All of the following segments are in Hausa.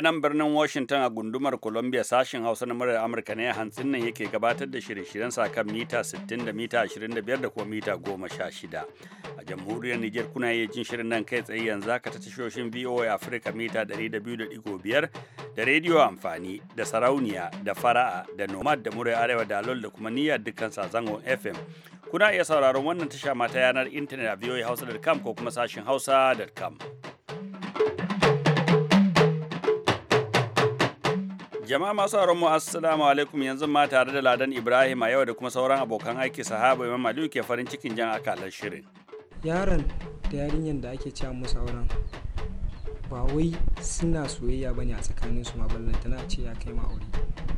Daga nan birnin Washington a gundumar Columbia sashen Hausa na murar Amurka ne hantsin nan yake gabatar da shirye-shiryen sa kan mita 60 da mita 25 da kuma mita 16. A jamhuriyar niger kuna iya jin shirin nan kai tsaye yanzu ka ta tashoshin VOA Africa mita 200.5 da rediyo amfani da sarauniya da fara'a da nomad da murai arewa da alol da kuma niyyar dukkan sazangon FM. Kuna iya sauraron wannan tasha mata yanar intanet a voahausa.com ko kuma sashen hausa.com. Jama'a masu mu assalamu alaikum yanzu ma tare da Ladan Ibrahim a yau da kuma sauran abokan aiki sahaba Imam Aliyu ke farin cikin jan akalar shirin. Yaron da yarinyar da ake cewa musu auren ba wai suna soyayya bane a tsakanin su ma tana a ce ya kai ma aure.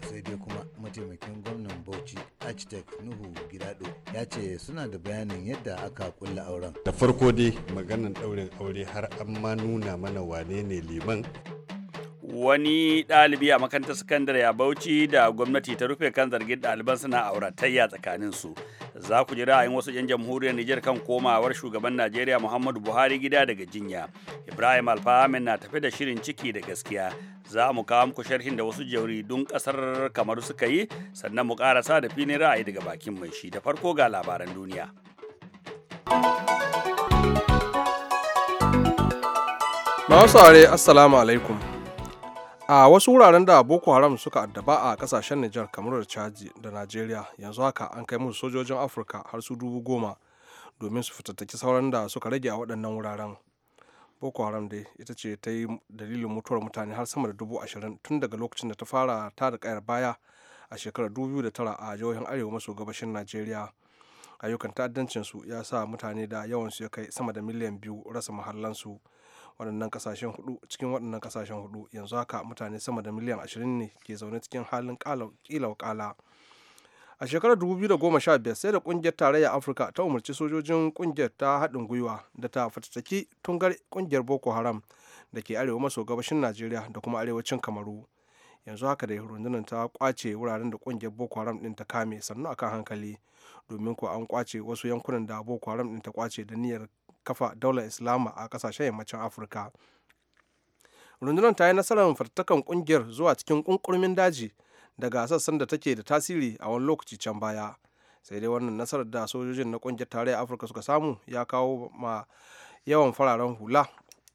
Sai dai kuma mataimakin gwamnan Bauchi Architect Nuhu Girado ya ce suna da bayanin yadda aka kulla auren. Da farko dai maganan daurin aure har an ma nuna mana wane ne liman wani ɗalibi a makarantar sakandare ya Bauchi da gwamnati ta rufe kan zargin ɗaliban suna auratayya tsakanin su. Za ku ji ra'ayin wasu 'yan jamhuriyar Nijar kan komawar shugaban Najeriya Muhammadu Buhari gida daga jinya. Ibrahim Alfahamin na tafi da shirin ciki da gaskiya. Za mu kawo muku sharhin da wasu jaridun ƙasar kamar suka yi, sannan mu ƙarasa da filin ra'ayi daga bakin mai shi. Da farko ga labaran duniya. Masu Assalamu alaikum. a wasu wuraren da boko haram suka addaba a kasashen nijar kamar da da najeriya yanzu haka an kai musu sojojin afirka har su dubu goma domin su fitattaki sauran da suka rage a waɗannan wuraren boko haram dai ita ce ta yi dalilin mutuwar mutane har sama da dubu ashirin tun daga lokacin da ta fara ta da kayar baya a shekarar tara a jihohin arewa maso gabashin najeriya ayyukan ta'addancin su ya sa mutane da yawansu ya kai sama da miliyan biyu rasa mahallansu su waɗannan kasashen hudu cikin waɗannan kasashen hudu yanzu haka mutane sama da miliyan 20 ne ke zaune cikin halin kila kala a shekarar 2015 sai da kungiyar tarayya afirka ta umarci sojojin kungiyar ta haɗin gwiwa da ta fatattaki tungar kungiyar boko haram da ke arewa maso gabashin najeriya da kuma arewacin kamaru yanzu haka da rundunar ta kwace wuraren da kungiyar boko haram din ta kame sannu akan hankali domin ko an kwace wasu yankunan da boko haram din ta kwace da niyyar kafa daular islama a kasashen yammacin afirka rundunar ta yi nasarar fartakan kungiyar zuwa cikin kunkurmin daji daga sassan da take da tasiri a wani lokaci can baya sai dai wannan nasarar da sojojin na kungiyar tarayyar afirka suka samu ya kawo ma yawan fararen hula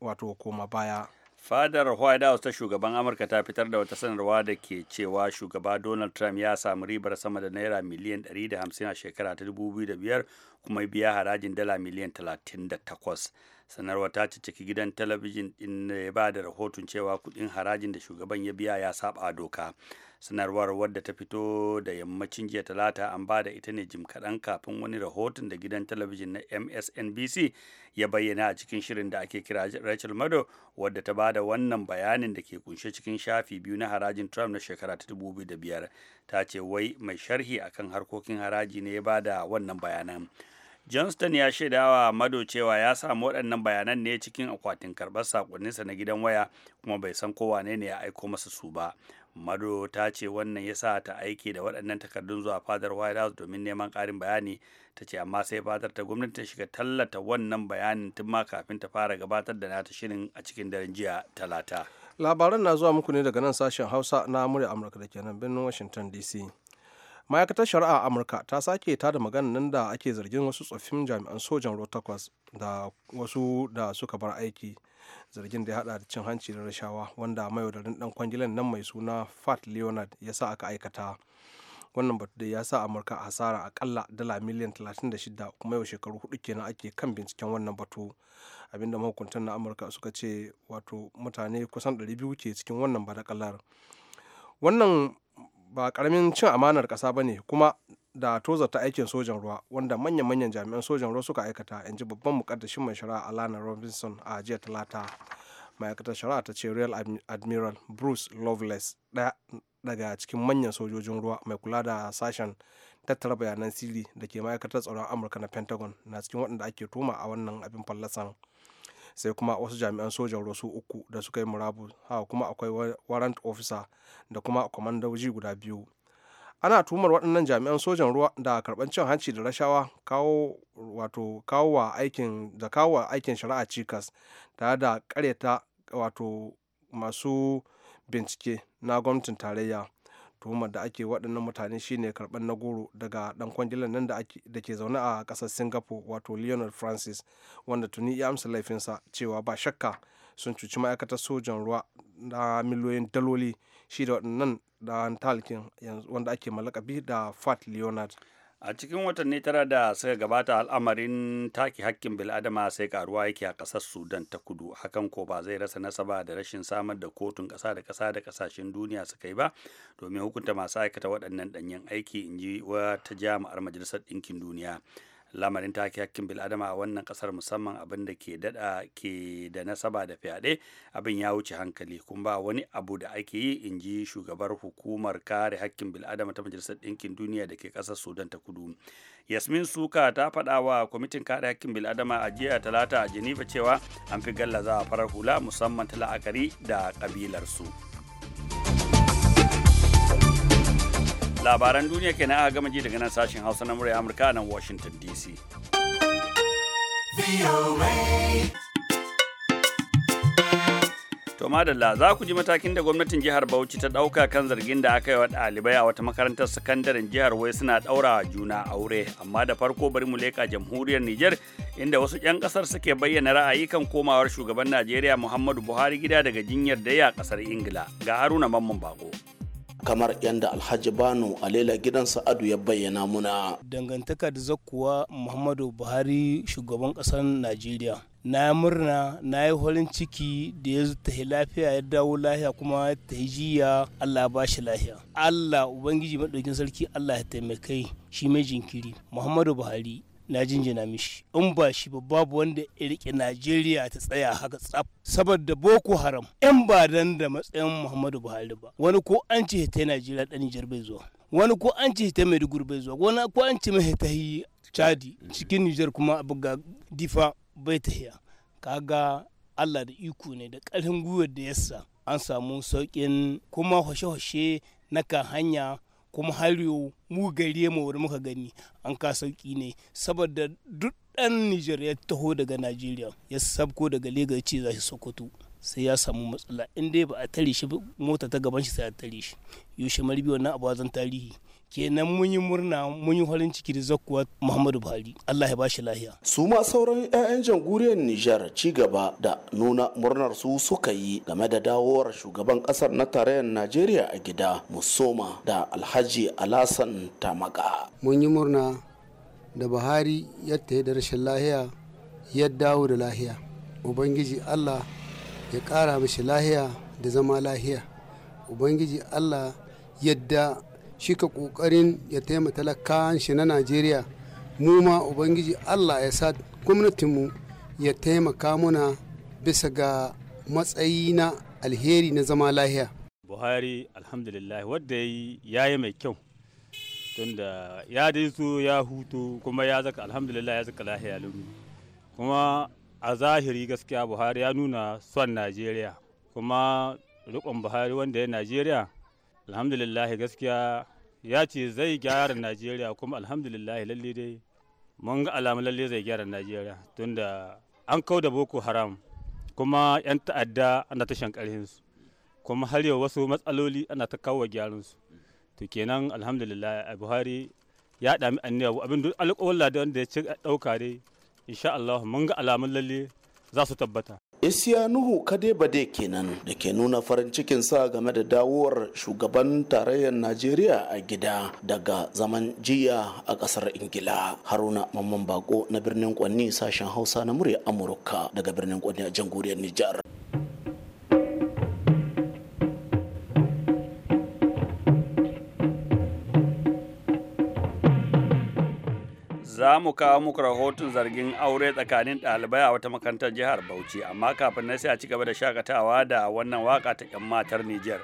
wato koma baya fadar white house ta shugaban amurka ta fitar da wata sanarwa da ke cewa shugaba donald trump ya samu ribar sama da naira miliyan 150 a shekara ta 2005 kuma biya harajin dala miliyan 38 sanarwa ta ciki gidan talabijin din ya ba da rahoton cewa kudin harajin da shugaban ya biya ya saba doka sanarwar wadda ta fito da yammacin jiya talata an ba da ita ne jim kaɗan kafin wani rahoton da gidan talabijin na msnbc ya bayyana a cikin shirin da ake kira rachel mado wadda ta ba da wannan bayanin da ke kunshe cikin shafi biyu na harajin trump na shekara ta biyar ta ce wai mai sharhi akan harkokin haraji ne ya ba da wannan bayanan johnston ya shaida wa mado cewa ya samu waɗannan bayanan ne cikin akwatin karɓar sakonninsa na gidan waya kuma bai san kowa ne ya aiko masa su ba mado ta ce wannan ya sa ta aiki da waɗannan takardun zuwa fadar white house domin neman ƙarin bayani ta ce amma sai fadar ta gwamnati ta shiga tallata wannan bayanin tun ma kafin ta fara gabatar da nata shirin a cikin daren jiya talata labaran na zuwa muku ne daga nan sashen hausa na murya amurka da kenan birnin washington dc ma'aikatar shari'a a amurka ta sake ta da magana nan da ake zargin wasu tsoffin jami'an sojan ruwa takwas da wasu da suka bar aiki zargin da ya hada da cin hanci da rashawa wanda mayaudarin dan kwangilan nan mai suna fat leonard ya sa aka aikata wannan batu da ya sa amurka a hasara akalla dala miliyan 36 kuma yau shekaru hudu kenan ake kan binciken wannan batu abinda mahukuntan na amurka suka ce wato mutane kusan 200 ke cikin wannan badakalar wannan ba karamin cin amanar ƙasa ba ne kuma da ta aikin sojan ruwa wanda manyan-manyan jami'an sojan ruwa suka aikata in ji babban mukaddashin mai shari'a alana robinson a jiya talata ma'aikatar shari'a ta ce real admiral bruce loveless daya daga cikin manyan sojojin ruwa mai kula da sashen tattara bayanan sirri da ke ma'aikatar tsaron amurka na pentagon na cikin waɗanda ake tuma a wannan abin fallasan sai kuma wasu jami'an sojan ruwa su uku da suka yi murabu haka kuma akwai warrant officer da kuma kwamandoji guda biyu ana tumar waɗannan jami'an sojan ruwa da karɓar cin hanci da rashawa kawo wato kawo wa aikin da kawo wa aikin shari'a cikas tare da ƙaryata wato masu bincike na gwamnatin tarayya tuhumar da ake waɗannan mutane shine karɓar na goro daga ɗan kwangilan nan da ke zaune a ƙasar singapore wato leonard francis wanda tuni ya amsa laifinsa cewa ba shakka sun cuci ma'aikatar sojan ruwa na miliyoyin daloli shi da waɗannan da talkin wanda ake malakabi da fat leonard a cikin watanni tara da suka gabata al'amarin taki hakkin bil'adama sai karuwa yake a ƙasar sudan ta kudu hakan ko ba zai rasa nasaba da rashin samar da kotun ƙasa da ƙasa da ƙasashen duniya suka yi ba domin hukunta masu aikata waɗannan ɗanyen aiki in ji wata jami'ar majalisar ɗinkin duniya lamarin take hakkin bil'adama a wannan kasar musamman abin da ke dada ke da nasaba da fyaɗe abin ya wuce hankali kuma ba wani abu da ake yi in ji shugabar hukumar kare hakkin bil'adama ta majalisar ɗinkin duniya da ke ƙasar sudan ta kudu yasmin suka ta faɗa wa kwamitin kare hakkin bil'adama a jiya talata a geneva cewa an fi galla za a farar hula musamman ta la'akari da ƙabilarsu. su labaran duniya ke a gama ji daga nan sashen hausa na murya amurka nan washington dc to madalla za ku ji matakin da gwamnatin jihar bauchi ta ɗauka kan zargin da aka yi wa ɗalibai a wata makarantar sakandaren jihar wai suna ɗaura juna aure amma da farko bari mu leƙa jamhuriyar Nijar, inda wasu 'yan ƙasar suke bayyana ra'ayi kan komawar shugaban najeriya muhammadu buhari gida daga jinyar da ya ƙasar ingila ga haruna mamman bako kamar yadda alhaji bano laila gidan sa'adu ya bayyana muna dangantaka da zakuwa muhammadu buhari shugaban ƙasar najeriya na murna na yi holin ciki da ya tahi lafiya ya dawo lafiya kuma ta jiya Allah ba shi lafiya Allah Ubangiji maɗaukin sarki Allah ya taimakai shi mai jinkiri Muhammadu Buhari na jinjina mishi in ba shi ba babu wanda ya rike najeriya ta tsaya haka tsaf saboda boko haram yan ba dan da matsayin muhammadu buhari ba wani ko an ce ta najeriya dan nijar bai zuwa wani ko an ce ta maiduguri bai zuwa wani ko an ce mai ta chadi cikin nijar kuma abu ga difa bai ta kaga allah da iko ne da ƙarfin gwiwar da yasa an samu saukin kuma hoshe-hoshe na kan hanya kuma har yau mu gare mu wani muka gani an ka sauki ne saboda duk dan Nijar ya taho daga Najeriya ya sabko daga legas ce za shi Sokoto sai ya samu matsala in dai ba a tare shi mota ta gaban shi sai a tare shi yaushe marbi wannan abu tarihi kenan mun yi murna mun yi farin ciki da zakuwa muhammadu buhari allah ya ba shi lahiya su ma sauran 'ya'yan jamhuriyar nijar ci gaba da nuna murnar su suka yi game da dawowar shugaban kasar na tarayyar najeriya a gida musoma da alhaji alasan tamaka mun yi murna da buhari yadda ya da rashin lahiya ya dawo da lahiya ubangiji allah ya kara mishi lahiya da zama lahiya ubangiji allah yadda shi ka kokarin ya taimaka talakawan shi na najeriya mu ma ubangiji allah ya sa gwamnatinmu ya taimaka muna bisa ga matsayi na alheri na zama lahiya buhari alhamdulillah wadda ya yi mai kyau tunda ya dai ya hutu kuma ya zaka alhamdulillah ya zaka lahiya lumi kuma a zahiri gaskiya buhari ya nuna son najeriya kuma rikon buhari wanda ya najeriya alhamdulillahi gaskiya ya ce zai gyara najeriya kuma alhamdulillahi lalle dai mun ga alamu lalle zai gyara najeriya tunda an kau da boko haram kuma 'yan ta'adda ana ta karhinsu kuma har yau wasu matsaloli ana ta kawo gyaransu to kenan alhamdulillah a buhari ya dami annabi abin duk alƙawalla da wanda ya ci ɗauka dai insha Allah mun ga alamun lalle za su tabbata isiya nuhu kade bade kenan da ke nuna farin cikin sa game da dawowar shugaban tarayyar najeriya a gida daga zaman jiya a kasar ingila haruna mamman bako na birnin kwanni sashen hausa na murya amurka daga birnin kwanni a jamhuriyar nijar za mu kawo muku rahoton zargin aure tsakanin ɗalibai a wata makarantar jihar Bauchi amma kafin na sai a ci gaba da shakatawa da wannan waka ta 'yan matar Nijar.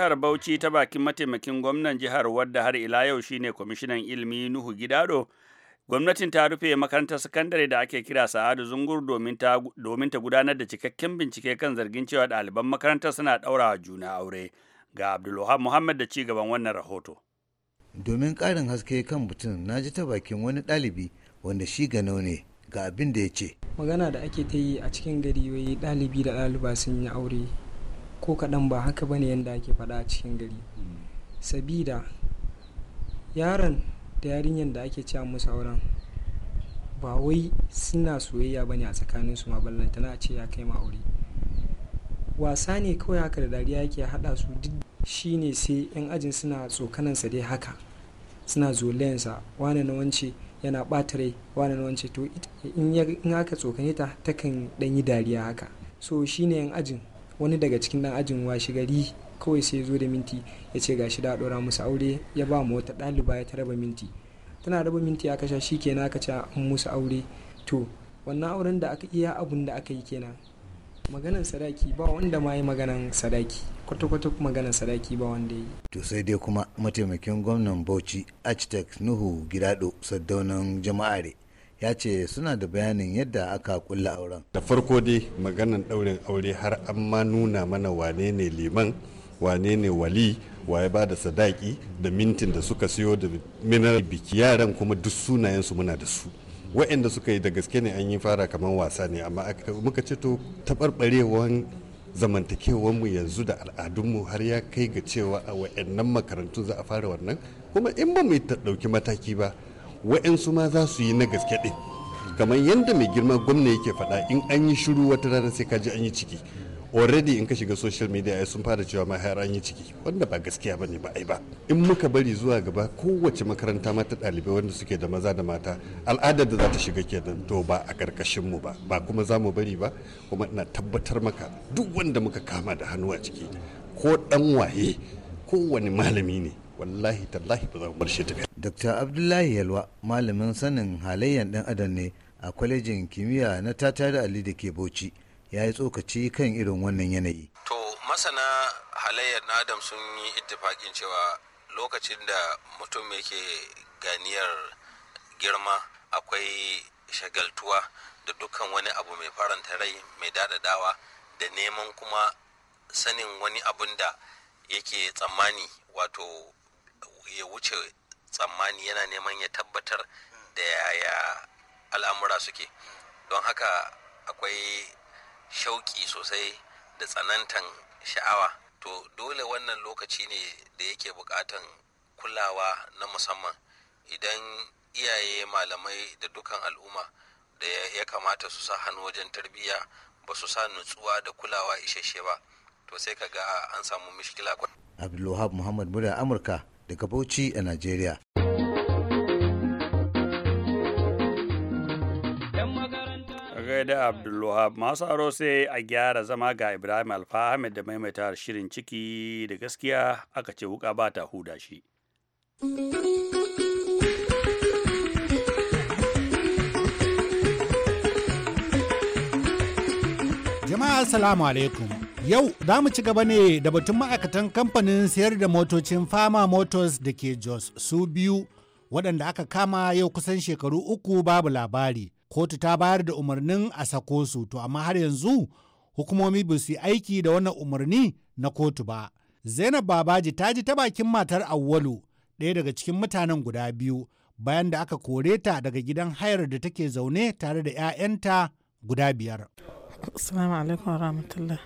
jihar Bauchi ta bakin mataimakin gwamnan jihar wadda har ila yau shine kwamishinan ilimi Nuhu Gidado gwamnatin ta rufe makarantar sakandare da ake kira Sa'adu Zungur domin ta gudanar da cikakken bincike kan zargin cewa ɗaliban makarantar suna ɗaurawa juna aure ga Abdulwahab Muhammad da ci gaban wannan rahoto. Domin ƙarin haske kan mutum na ji ta bakin wani ɗalibi wanda shi gano ne ga abin da ya ce. Magana da ake ta yi a cikin gari wai ɗalibi da ɗaliba sun yi aure ko kaɗan ba haka bane yadda ake faɗa a cikin gari sabida yaron da yarinyar da ake cewa musu auren ba wai suna soyayya bane a tsakanin su maballantana a ce ya kai ma aure wasa ne kawai haka da dariya yake haɗa su duk shine sai yan ajin suna sa dai haka suna sa wane na wance yana ɓata rai wane na wance to in haka tsokane ta takan ɗanyi dariya haka so shine yan ajin wani daga cikin dan ajin washi gari kawai sai ya zo da minti ya ce ga shi da dora musu aure ya ba mu wata ɗaliba ya ta raba minti tana raba minti aka sha shi kenan aka ce an musu aure to wannan auren da aka iya abun da aka yi kenan maganan sadaki ba wanda ma yi maganan sadaki kwata-kwata maganan sadaki ba wanda yi to sai dai kuma mataimakin gwamnan bauchi architect nuhu gidado saddaunan jama'are ya ce suna da bayanin yadda aka kulla auren da farko dai maganan ɗaurin aure har an ma nuna mana wane ne liman wane ne wali waye ba da sadaki da mintin da suka siyo da minar biki yaran kuma duk sunayensu muna da su Wa'inda suka yi da gaske ne an yi fara kamar wasa ne amma muka ce to taɓarɓarewan mu yanzu da al'adunmu har ya kai ga cewa a wa'annan makarantu za a fara wannan kuma in ba mu ɗauki mataki ba wa'yansu ma za su yi na gaske ɗin kamar yadda mai girma gwamna yake faɗa in an yi shiru wata rana sai ka ji an yi ciki already in ka shiga social media ya sun fara cewa ma har an yi ciki wanda ba gaskiya bane ba ai ba in muka bari zuwa gaba kowace makaranta mata ɗalibai wanda suke da maza da mata al'adar da za ta shiga kenan to ba a ƙarƙashin mu ba ba kuma za mu bari ba kuma ina tabbatar maka duk wanda muka kama da hannu a ciki ko ɗan waye kowane malami ne wallahi tallahi ba za mu bar shi tafiya dr abdullahi yalwa malamin sanin halayyar dan adam ne a kwalejin kimiyya na tata da ali da ke bauchi ya yi tsokaci kan irin wannan yanayi to masana halayyar na adam sun yi ittifakin cewa lokacin da mutum yake ganiyar girma akwai shagaltuwa da dukkan wani abu mai faranta rai mai dadadawa da neman kuma sanin wani abun da yake tsammani wato ya wuce tsammani yana neman ya tabbatar da yaya al'amura suke don haka akwai shauƙi sosai da tsanantan sha'awa to dole wannan lokaci ne da yake bukatan kulawa na musamman idan iyaye malamai da dukan al'umma da ya kamata su sa hannu wajen tarbiyya ba su sa nutsuwa da kulawa isasshe ba to sai ka ga an samu mishkila abdulwahab muhammad murya amurka daga Bauchi a Najeriya. gaida Abdulwahab masu aro sai a gyara zama ga Ibrahim Alfa Ahmed da maimaita shirin ciki da gaskiya aka ce wuka ba ta huda shi. Jama'a Assalamu alaikum. Yau za mu ci gaba ne da batun ma'aikatan kamfanin sayar da motocin Fama Motors da ke Jos su biyu waɗanda aka kama yau kusan shekaru uku babu labari. Kotu ta bayar da umarnin a sako su to amma har yanzu hukumomi ba su yi aiki da wannan umarni na kotu ba. Zainab Babaji ta ji ta bakin matar Awwalu ɗaya daga cikin mutanen guda biyu bayan da aka kore ta daga gidan hayar da take zaune tare da 'ya'yanta guda biyar. Assalamu alaikum wa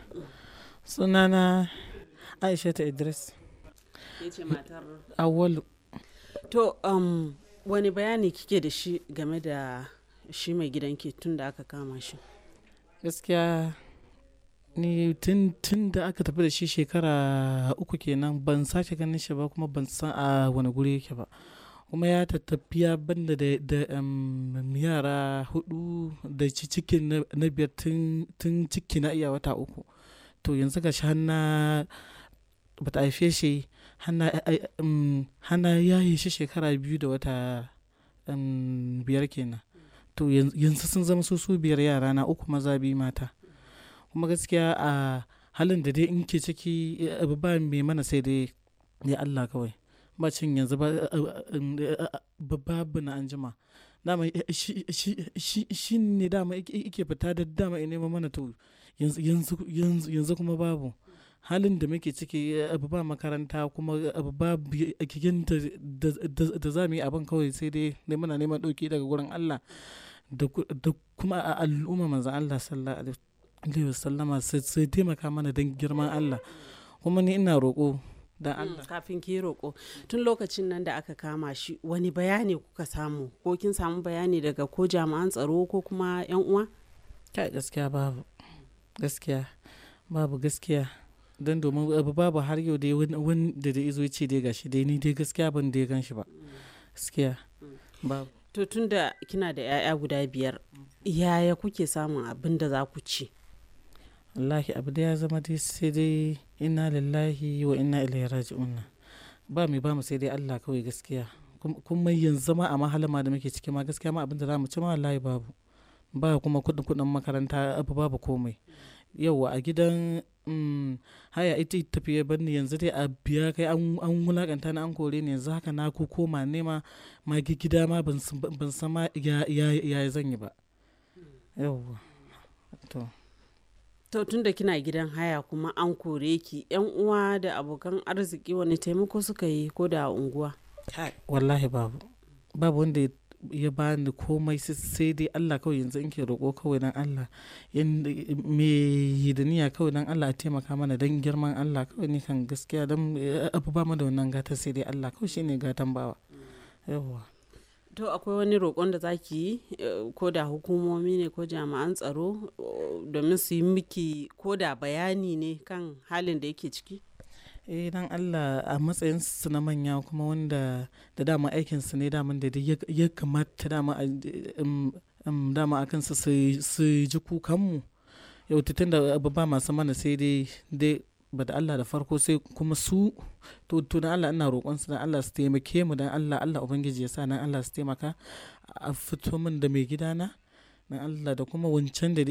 sunana aisha ta idris ya ce to um, wani bayani kike da shi game da shi mai gidanki tun da aka kama shi gaskiya ni tun da aka tafi da shi shekara uku kenan ban sake ganin shi ba kuma ban san a wani guri yake ba kuma ya ya banda da, um, yara hudu da cikin na biyar tun ciki na iya wata uku to yanzu ga shi hanna ba ta haife shi hanna ya yi shi shekara biyu da wata biyar kenan to yanzu sun zama su su biyar yara na uku maza biyu mata kuma gaskiya a halin da dai in ke ciki eh, abu ba mai mana sai dai ya Allah kawai cin yanzu eh, eh, babu na anjima dama shi ne dama ike fita da dama ya nema mana to yanzu kuma babu halin da muke ciki abu ba makaranta kuma abu ba gigin da za mu yi abin kawai sai dai ne muna neman ɗauki daga gurin Allah da kuma a al'umma manzan Allah sallallahu alaihi wa sai taimaka mana don girman Allah kuma ni ina roƙo da mm, Allah kafin ki roƙo tun lokacin nan da aka kama shi wani bayani kuka samu ko kin samu bayani daga ko jami'an tsaro ko kuma yan uwa kai gaskiya babu Gaskiya babu gaskiya. don domin abu babu har yau dai wani da izo ce dai gashi dai ni dai gaskiya ban dai gan shi ba. Gaskiya babu. To tun da kina da 'ya'ya guda biyar, yaya kuke samun abin da za ku ci? Wallahi abu da ya zama dai sai dai ina lillahi wa ina ilaihi raji'un. Ba mai ba mu sai dai Allah kawai gaskiya. Kuma yanzu ma a mahalama da muke ciki ma gaskiya ma abin da za mu ci ma wallahi babu. ba kuma kudin kudin makaranta abu babu komai yauwa a gidan mm, haya ita tafiye banni yanzu dai a biya kai an wulakanta na an kore ne yanzu haka na ku koma nema ma gida ma ban sama ya zan yi ba yauwa to to tun da kina gidan haya kuma an kore ki yan uwa da abokan arziki wani taimako suka yi ko da unguwa wallahi babu babu wanda ya bani komai sai dai Allah kawai yanzu in ke roƙo kawai dan Allah me hidaniya kawai dan Allah a taimaka mana dan girman Allah kawai ne kan gaskiya dan eh, abu ba mu da wannan gata sai dai Allah kawai shine gatan bawa yawwa to akwai wani roƙon da zaki yi eh, ko da hukumomi ne ko jami'an tsaro eh, domin su yi miki ko da bayani ne kan halin da yake ciki eh dan Allah a matsayin su na manya kuma wanda da dama aikin su ne daman da ya kamata dama dama akan su su ji kukan mu yau tutun da ba masu mana sai dai dai ba da Allah da farko sai kuma su to to dan Allah ina roƙon su dan Allah su taimake mu dan Allah Allah ubangiji ya sa nan Allah su taimaka a fito min da mai gidana na Allah da kuma wancan da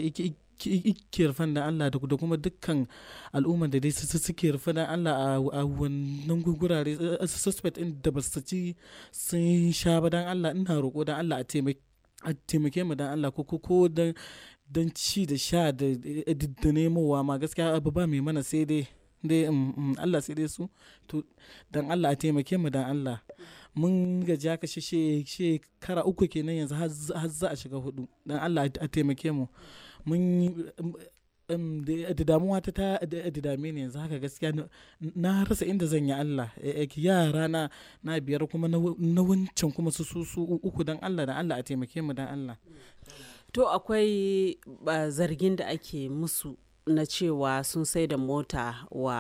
ke rufan da Allah da kuma dukkan al'ummar da dai suke rufe da Allah a wannan gurare suspect in da basu ci sun sha ba dan Allah ina roƙo dan Allah a taimake a taimake mu dan Allah ko ko dan dan ci da sha da da nemowa ma gaskiya abu ba mai mana sai dai dai mm, mm, Allah sai dai su to dan Allah a taimake mu dan Allah mun gaji haka shekara uku kenan yanzu har za a shiga hudu dan Allah a taimake mu mun um, um, da damuwa ta ta dame ne yanzu haka gaskiya na rasa inda zan yi Allah e, e, yara na na biyar kuma na wancan kuma su su su uku dan Allah dan Allah a taimake mu dan Allah to akwai zargin da ake musu na cewa sun sai da mota wa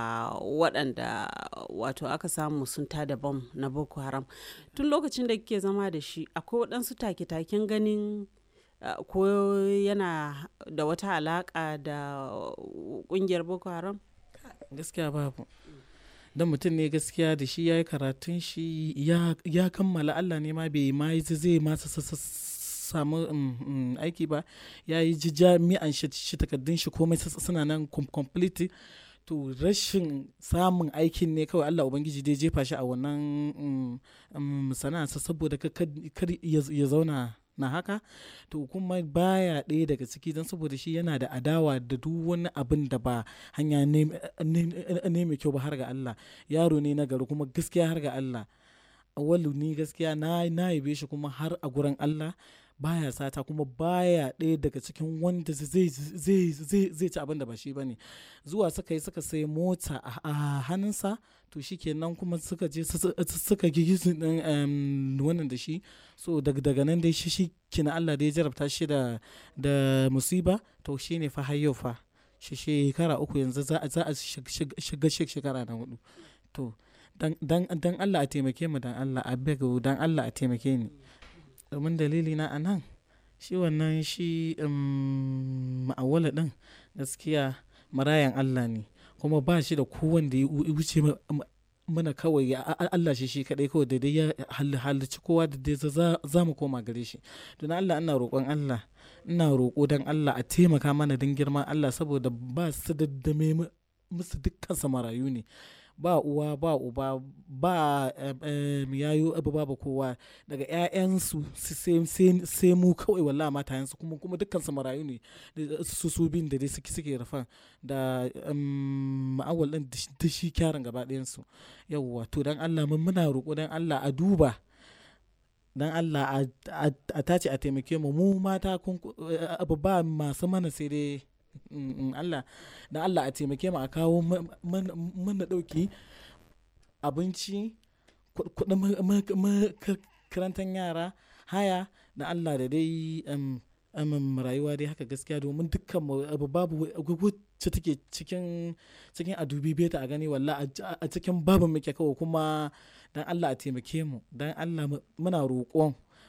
waɗanda wato aka samu sun da bom na boko haram tun lokacin da kike zama da shi akwai waɗansu take-taken ganin ko yana da wata alaƙa da ƙungiyar boko haram gaskiya babu don mutum ne gaskiya da shi ya yi karatun shi ya kammala allah ne ma bai ma zai masa samu um, um, aiki ba ya yi ji shi takardun shi komai suna nan complete to rashin samun aikin ne kawai Allah Ubangiji dai jefa shi a wannan um, sana'a saboda kar ya zauna na haka to kuma baya ɗaya daga ciki don saboda shi yana da adawa da duk wani abin da ba hanya ne mai kyau ba har ga Allah yaro ne na gari kuma gaskiya har ga Allah awalu ni gaskiya na na shi kuma har a gurin Allah baya sata kuma baya ɗaya daga cikin wanda zai ci abin da ba shi ba ne zuwa suka yi suka sai mota a hannunsa to shi kenan kuma suka je suka gigi wannan da shi so daga nan dai shi kina Allah da ya jarabta shi da musiba to shi ne fa yau fa shi shekara uku yanzu za a shiga shekara na hudu to dan Allah a taimake mu dan Allah a beg dan Allah a taimake ni Domin dalilina a nan, shi wannan shi, um, ma'awala din ɗin gaskiya marayan Allah ne kuma ba shi da kowane da ya wuce mana kawai. Allah shi shi kaɗai kawai da dai ya halarci kowa da dai za mu koma gare shi. Don Allah ina rokon Allah, ina roko don Allah a taimaka mana don girma Allah saboda ba su da musu dukkan samarayu ne. ba uwa ba uba ba yayo abu babu kowa daga 'ya'yansu sai mu kawai mata yansu kuma kuma dukkansu marayu ne su su bin da dai suke rafan da ma'awal din da shi kyaran gaba ɗayansu yawwa to don Allah mun muna roƙo don Allah a duba don Allah a tace a taimake mu mu mata eh, abu ba masu mana sai dai Mm, mm, Allah da Allah a taimake mu a kawo mana dauki abinci kudin makarantar yara haya da Allah da dai um, um, rayuwa dai haka gaskiya domin dukkan abu babu wacce take cikin cikin adubi beta a gani walla a cikin babu muke kawo kuma dan Allah a taimake mu dan Allah muna roƙon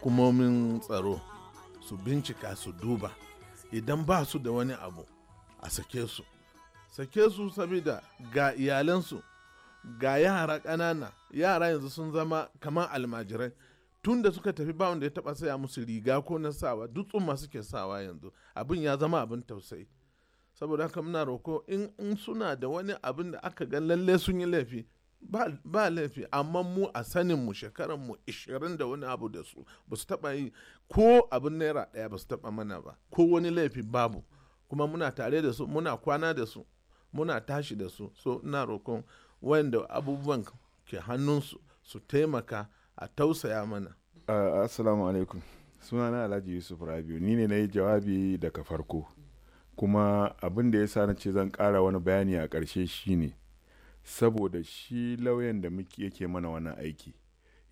hukumomin tsaro su bincika su duba idan ba su da wani abu a sake su sake su saboda ga iyalansu ga yara ƙanana yara yanzu sun zama kamar almajirai tun da suka tafi ba wanda ya taba saya musu riga ko na sawa dutsun masu ke sawa yanzu abin ya zama abin tausayi saboda haka muna roko in suna da wani abin da aka ga lalle sun yi laifi ba laifi amma mu a sanin mu shekaran mu 20 da wani abu da su ba su taba yi ko abin naira daya ba su taba mana ba ko wani laifi babu kuma muna tare da su muna kwana da su muna tashi da su so ina roƙon wanda abubuwan ke hannunsu su taimaka a tausaya mana assalamu alaikum sunana alhaji yusuf rabiu ni ne na yi jawabi daga farko kuma abin da ya sa na ce zan ƙara wani bayani a ƙarshe shine saboda shi lauyan da muke yake mana wani aiki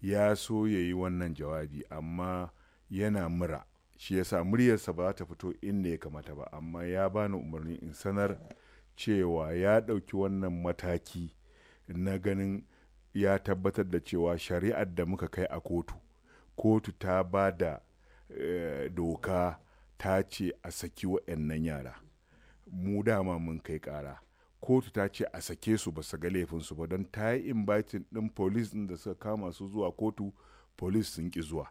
ya so ya yi wannan jawabi amma yana mura shi ya sa muryarsa ba ta fito inda ya kamata ba amma ya bani umarni in sanar cewa ya ɗauki wannan mataki na ganin ya tabbatar da cewa shari'ar da muka kai a kotu kotu ta ba da eh, doka ta ce a saki waɗannan yara mu dama mun kai ƙara kotu ta ce a sake su ba su ga laifinsu ba don ta yi inviting ɗin police ɗin da suka kama su zuwa kotu police sun ki zuwa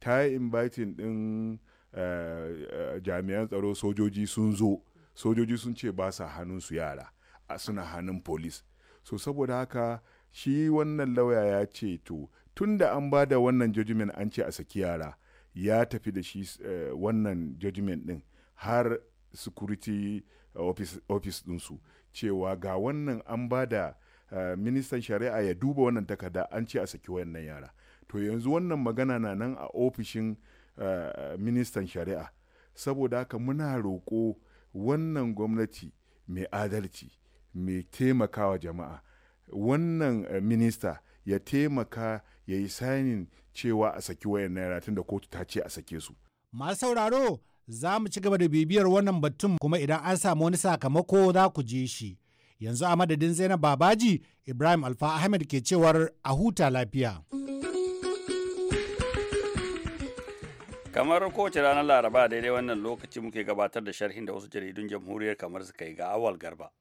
ta yi inviting ɗin eh, eh, jami'an tsaro sojoji sun zo sojoji sun ce ba sa hannun su yara a suna hannun police so saboda haka shi wannan lauya ya ce to tun da an ba da wannan judgment an ce a saki yara ya tafi da shi eh, wannan judgment ɗin har security office ɗinsu cewa ga wannan an ba da eh, ministan shari'a ya duba wannan takarda an ce a saki wayannan yara to yanzu wannan magana na nan a ofishin eh, ministan shari'a saboda haka muna roƙo wannan gwamnati mai adalci mai taimakawa jama'a wannan eh, minista ya taimaka ya yi sanin cewa a saki wayan naira tun da kotu ta ce a sake su. Masu sauraro Za mu ci gaba da bibiyar wannan batun kuma idan an samu wani sakamako za ku je shi. Yanzu a madadin Zainab Babaji, Ibrahim Alfa Ahmed ke cewar a huta lafiya. kamar kowace ranar laraba daidai wannan lokaci muke gabatar da sharhin da wasu jaridun jamhuriyar kamar suka yi ga awal garba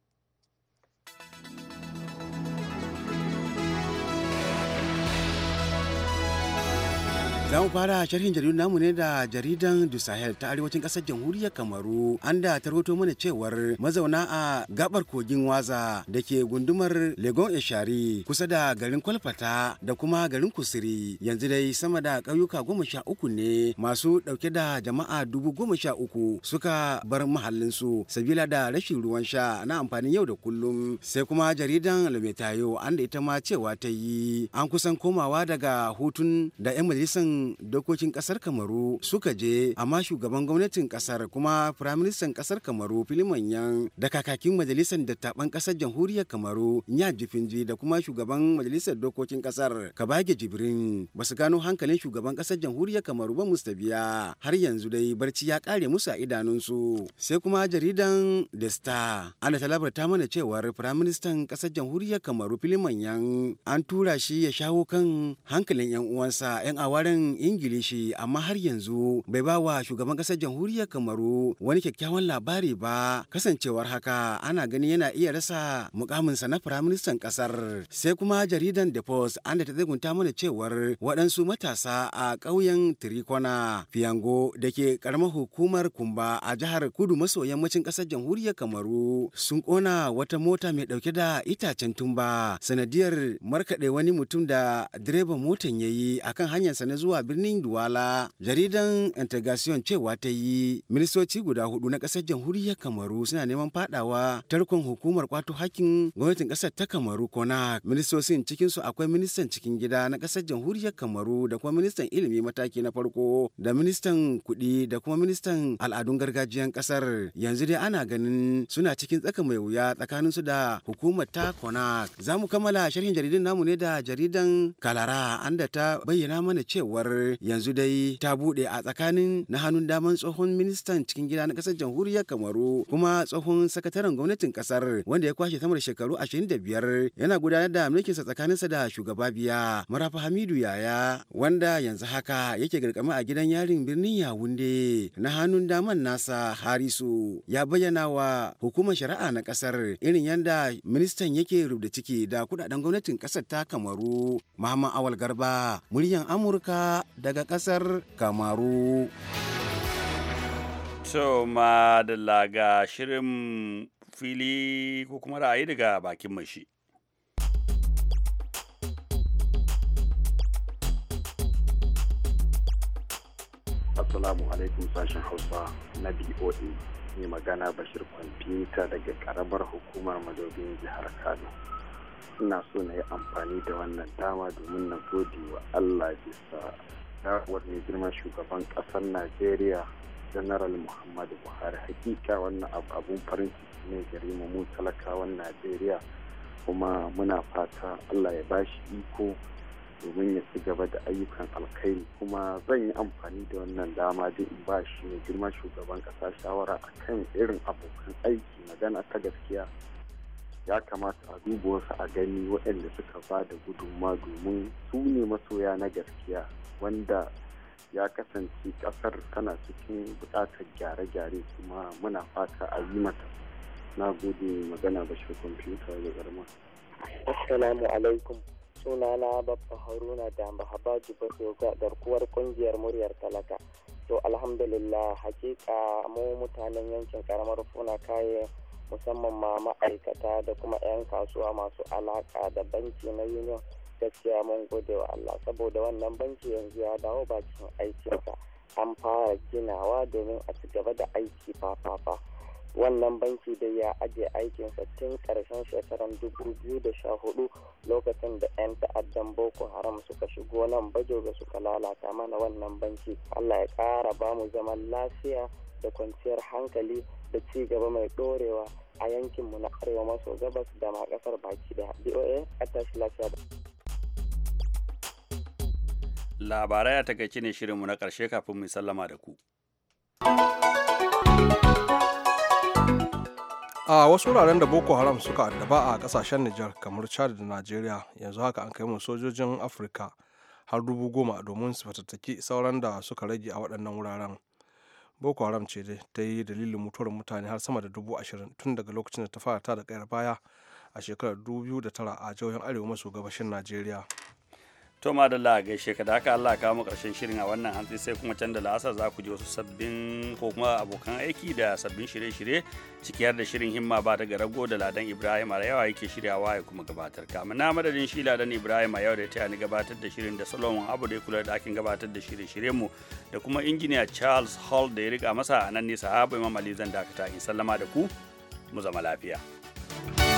Za mu fara sharhin jaridun namu ne da jaridan Du Sahel ta arewacin ƙasar jamhuriyar Kamaru an da ta roto mana cewar mazauna a gabar kogin Waza da ke gundumar Legon Eshari kusa da garin Kwalfata da kuma garin Kusiri yanzu dai sama da ƙauyuka goma sha uku ne masu ɗauke da jama'a dubu goma sha uku suka bar mahallinsu sabila da rashin ruwan sha na amfanin yau da kullum sai kuma jaridan Lumetayo an da ita ma cewa ta yi an kusan komawa daga hutun da 'yan majalisar dokokin kasar kamaru suka je amma shugaban gwamnatin kasar kuma firaministan kasar kamaru filimanyan da kakakin majalisar dattaban kasar jamhuriyar kamaru nya jifinji da kuma shugaban majalisar dokokin kasar kabage jibrin ba su gano hankalin shugaban kasar jamhuriyar kamaru ba mustabiya har yanzu dai barci ya kare musu a idanunsu sai kuma jaridan the star ana labarta mana cewar firaministan kasar jamhuriyar kamaru filimanyan an tura shi ya shawo kan hankalin yan uwansa yan awarin. ingilishi amma har yanzu bai ba wa shugaban kasar jamhuriyar kamaru wani kyakkyawan labari ba kasancewar haka ana gani yana iya rasa mukaminsa na firaministan kasar sai kuma jaridan the post an da ta zagunta mana cewar waɗansu matasa a ƙauyen tirikona fiyango da ke ƙaramar hukumar kumba a jihar kudu maso yammacin ƙasar jamhuriyar kamaru sun kona wata mota mai ɗauke da itacen tumba sanadiyar markaɗe wani mutum da direban motan ya yi akan hanyarsa na zuwa a birnin Duwala. Jaridan Integration cewa ta yi ministoci guda hudu na ƙasar jamhuriyar Kamaru suna neman fadawa tarkon hukumar kwato hakkin gwamnatin ƙasar ta Kamaru Konak. Ministocin cikin su akwai ministan cikin gida na ƙasar jamhuriyar Kamaru da kuma ministan ilimi mataki na farko da ministan kuɗi da kuma ministan al'adun gargajiyan ƙasar. Yanzu dai ana ganin suna cikin tsaka mai wuya tsakanin su da hukumar ta kona Za mu kammala sharhin jaridan namu ne da jaridan Kalara an da ta bayyana mana cewar yanzu dai ta bude. a tsakanin na hannun daman tsohon ministan cikin gida na kasar jamhuriyar kamaru kuma tsohon sakataren gwamnatin kasar. wanda ya kwashe samar shekaru biyar. yana gudanar da sa tsakanin sa da shugaba biya marafa hamidu yaya wanda yanzu haka yake garkama a gidan yarin birnin yawunde na hannun daman nasa harisu ya bayyana wa hukumar shari'a na kasar. irin yadda ministan yake rubda ciki da kudaden gwamnatin kasar ta kamaru muhammad awal garba muryan amurka daga ƙasar Kamaru. To, madalla ga shirin fili ko kuma ra'ayi daga bakin mashi Assalamu alaikum sashen Hausa na BOA. ne magana Bashir Kwamfuta daga karamar hukumar madobin jihar Kano. ina so na yi amfani da wannan dama domin na gode wa Allah bisa dawar mai girma shugaban ƙasar Najeriya General Muhammadu Buhari hakika wannan abun farin ciki ne gare mu mu talakawan Najeriya kuma muna fata Allah ya bashi iko domin ya ci gaba da ayyukan alkhairi kuma zan yi amfani da wannan dama da in ba shi mai girma shugaban ƙasa shawara akan irin abokan aiki magana ta gaskiya ya kamata a duba a gani waɗanda suka ba da gudunma domin su ne masoya na gaskiya wanda ya kasance ƙasar tana cikin buƙatar gyare-gyare kuma muna fata a yi mata na gode magana bashir kwamfuta da garma assalamu alaikum sunana babba haruna da mahabaji jibar garkuwar kungiyar muryar talaka to alhamdulillah hakika mu mutanen yankin karamar funa kayan musamman ma ma'aikata da kuma 'yan kasuwa masu alaka da banki na union gaskiya mun gode wa Allah saboda wannan banki yanzu ya dawo bakin aikinsa an fara ginawa domin a ci gaba da aiki fafafa wannan banki dai ya ajiye aikinsa tun karshen shekarar 2014 lokacin da 'yan ta'addan boko haram suka shigo nan bajo ga suka lalata mana wannan banki allah ya kara bamu zaman lafiya da kwanciyar hankali da ci gaba mai dorewa a yankinmu na arewa maso gabas da ma kasar baki da BOA a tashi lafiya da. Labarai a takaice ne shirinmu na ƙarshe kafin mu sallama da ku. a wasu wuraren da boko haram suka addaba a kasashen nijar kamar chad da najeriya yanzu haka an kai mu sojojin afirka har dubu goma domin su fatattaki sauran da suka rage a waɗannan wuraren boko haram ce dai ta yi dalilin mutuwar mutane har sama da dubu ashirin tun daga lokacin da ta fara tada kayar baya a shekarar da tara a jihohin arewa maso gabashin najeriya to madalla gaishe ka da haka Allah kawo mu karshen shirin a wannan hantsi sai kuma can da la'asar za ku ji wasu sabbin ko kuma abokan aiki da sabbin shirye-shirye ciki har da shirin himma ba daga rago da ladan Ibrahim a yawa yake shiryawa ya kuma gabatar ka na madadin shi ladan Ibrahim a yau da ta ni gabatar da shirin da Solomon Abu da ya kula da ɗakin gabatar da shirye-shiryen mu da kuma injiniya Charles Hall da ya rika masa a nan ne sahabu Imam Ali zan dakata in sallama da ku mu zama lafiya.